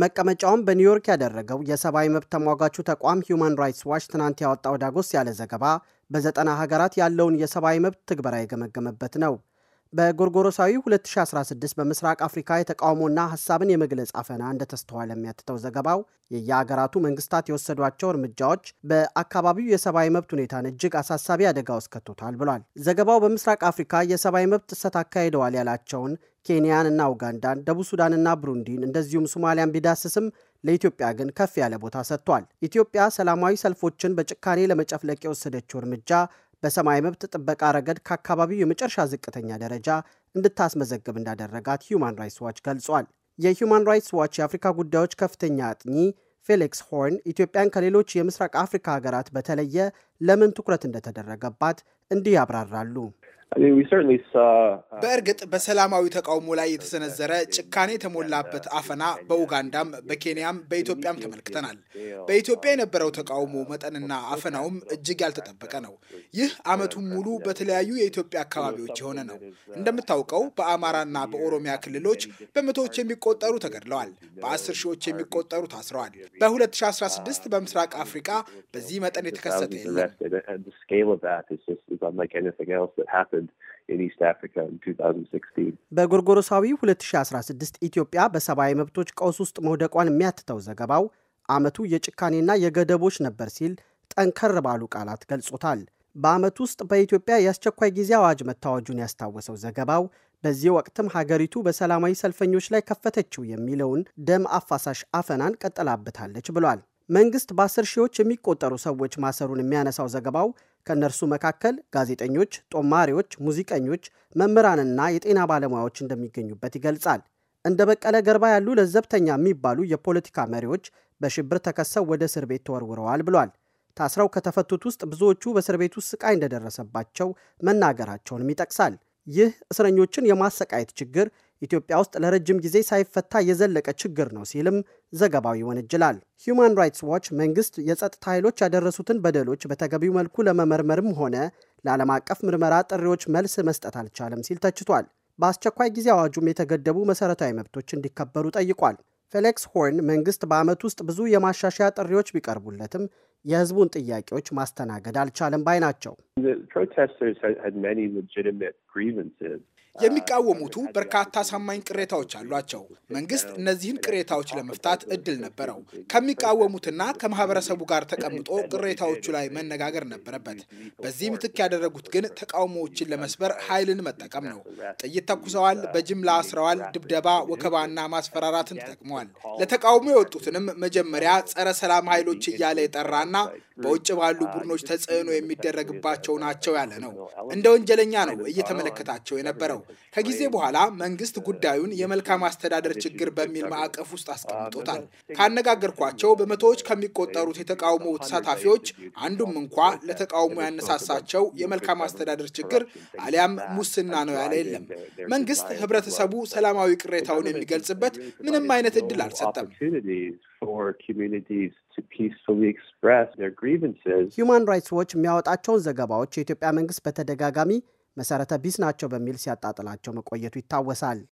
መቀመጫውን በኒውዮርክ ያደረገው የሰብአዊ መብት ተሟጋቹ ተቋም ሂዩማን ራይትስ ዋች ትናንት ያወጣው ዳጎስ ያለ ዘገባ በዘጠና ሀገራት ያለውን የሰብአዊ መብት ትግበራ የገመገመበት ነው። በጎርጎሮሳዊ 2016 በምስራቅ አፍሪካ የተቃውሞና ሀሳብን የመግለጽ አፈና እንደተስተዋለ የሚያትተው ዘገባው የየሀገራቱ መንግስታት የወሰዷቸው እርምጃዎች በአካባቢው የሰብአዊ መብት ሁኔታን እጅግ አሳሳቢ አደጋ ውስጥ ከቶታል ብሏል። ዘገባው በምስራቅ አፍሪካ የሰብአዊ መብት ጥሰት አካሂደዋል ያላቸውን ኬንያን እና ኡጋንዳን፣ ደቡብ ሱዳንና ብሩንዲን እንደዚሁም ሶማሊያን ቢዳስስም ለኢትዮጵያ ግን ከፍ ያለ ቦታ ሰጥቷል። ኢትዮጵያ ሰላማዊ ሰልፎችን በጭካኔ ለመጨፍለቅ የወሰደችው እርምጃ በሰማይ መብት ጥበቃ ረገድ ከአካባቢው የመጨረሻ ዝቅተኛ ደረጃ እንድታስመዘግብ እንዳደረጋት ሂዩማን ራይትስ ዋች ገልጿል። የሂዩማን ራይትስ ዋች የአፍሪካ ጉዳዮች ከፍተኛ አጥኚ ፌሊክስ ሆርን ኢትዮጵያን ከሌሎች የምስራቅ አፍሪካ ሀገራት በተለየ ለምን ትኩረት እንደተደረገባት እንዲህ ያብራራሉ። Uh, በእርግጥ በሰላማዊ ተቃውሞ ላይ የተሰነዘረ ጭካኔ የተሞላበት አፈና በኡጋንዳም በኬንያም በኢትዮጵያም ተመልክተናል። በኢትዮጵያ የነበረው ተቃውሞ uh, መጠንና አፈናውም እጅግ ያልተጠበቀ ነው። ይህ ዓመቱን ሙሉ በተለያዩ የኢትዮጵያ አካባቢዎች የሆነ ነው። uh, እንደምታውቀው በአማራና በኦሮሚያ ክልሎች በመቶዎች የሚቆጠሩ ተገድለዋል። በአስር ሺዎች የሚቆጠሩ ታስረዋል። በ2016 በምስራቅ አፍሪካ በዚህ መጠን የተከሰተ የለም። happened in East Africa in 2016. በጎርጎሮሳዊ 2016 ኢትዮጵያ በሰብአዊ መብቶች ቀውስ ውስጥ መውደቋን የሚያትተው ዘገባው ዓመቱ የጭካኔና የገደቦች ነበር ሲል ጠንከር ባሉ ቃላት ገልጾታል። በዓመት ውስጥ በኢትዮጵያ የአስቸኳይ ጊዜ አዋጅ መታወጁን ያስታወሰው ዘገባው በዚህ ወቅትም ሀገሪቱ በሰላማዊ ሰልፈኞች ላይ ከፈተችው የሚለውን ደም አፋሳሽ አፈናን ቀጠላብታለች ብሏል። መንግስት በአስር ሺዎች የሚቆጠሩ ሰዎች ማሰሩን የሚያነሳው ዘገባው ከእነርሱ መካከል ጋዜጠኞች፣ ጦማሪዎች፣ ሙዚቀኞች፣ መምህራንና የጤና ባለሙያዎች እንደሚገኙበት ይገልጻል። እንደ በቀለ ገርባ ያሉ ለዘብተኛ የሚባሉ የፖለቲካ መሪዎች በሽብር ተከሰው ወደ እስር ቤት ተወርውረዋል ብሏል። ታስረው ከተፈቱት ውስጥ ብዙዎቹ በእስር ቤት ውስጥ ስቃይ እንደደረሰባቸው መናገራቸውንም ይጠቅሳል። ይህ እስረኞችን የማሰቃየት ችግር ኢትዮጵያ ውስጥ ለረጅም ጊዜ ሳይፈታ የዘለቀ ችግር ነው ሲልም ዘገባው ይወነጅላል። ሂዩማን ራይትስ ዋች መንግስት የጸጥታ ኃይሎች ያደረሱትን በደሎች በተገቢው መልኩ ለመመርመርም ሆነ ለዓለም አቀፍ ምርመራ ጥሪዎች መልስ መስጠት አልቻለም ሲል ተችቷል። በአስቸኳይ ጊዜ አዋጁም የተገደቡ መሠረታዊ መብቶች እንዲከበሩ ጠይቋል። ፌሌክስ ሆርን መንግስት በዓመት ውስጥ ብዙ የማሻሻያ ጥሪዎች ቢቀርቡለትም የህዝቡን ጥያቄዎች ማስተናገድ አልቻለም ባይ ናቸው። Uh, የሚቃወሙቱ በርካታ አሳማኝ ቅሬታዎች አሏቸው። መንግስት እነዚህን ቅሬታዎች ለመፍታት እድል ነበረው። ከሚቃወሙትና ከማህበረሰቡ ጋር ተቀምጦ ቅሬታዎቹ ላይ መነጋገር ነበረበት። በዚህ ምትክ ያደረጉት ግን ተቃውሞዎችን ለመስበር ኃይልን መጠቀም ነው። ጥይት ተኩሰዋል፣ በጅምላ አስረዋል፣ ድብደባ፣ ወከባና ማስፈራራትን ተጠቅመዋል። ለተቃውሞ የወጡትንም መጀመሪያ ጸረ ሰላም ኃይሎች እያለ የጠራና በውጭ ባሉ uh, ቡድኖች ተጽዕኖ የሚደረግባቸው ያላቸው ናቸው ያለ ነው። እንደ ወንጀለኛ ነው እየተመለከታቸው የነበረው። ከጊዜ በኋላ መንግስት ጉዳዩን የመልካም አስተዳደር ችግር በሚል ማዕቀፍ ውስጥ አስቀምጦታል። ah, ካነጋገርኳቸው በመቶዎች ከሚቆጠሩት የተቃውሞ ተሳታፊዎች አንዱም እንኳ ለተቃውሞ ያነሳሳቸው የመልካም አስተዳደር ችግር አሊያም ሙስና ነው ያለ የለም። መንግስት ህብረተሰቡ ሰላማዊ ቅሬታውን የሚገልጽበት ምንም አይነት እድል አልሰጠም። ሂውማን ራይትስ ዎች የሚያወጣቸውን ዘገባዎች የኢትዮጵያ መንግስት በተደጋጋሚ መሰረተ ቢስ ናቸው በሚል ሲያጣጥላቸው መቆየቱ ይታወሳል።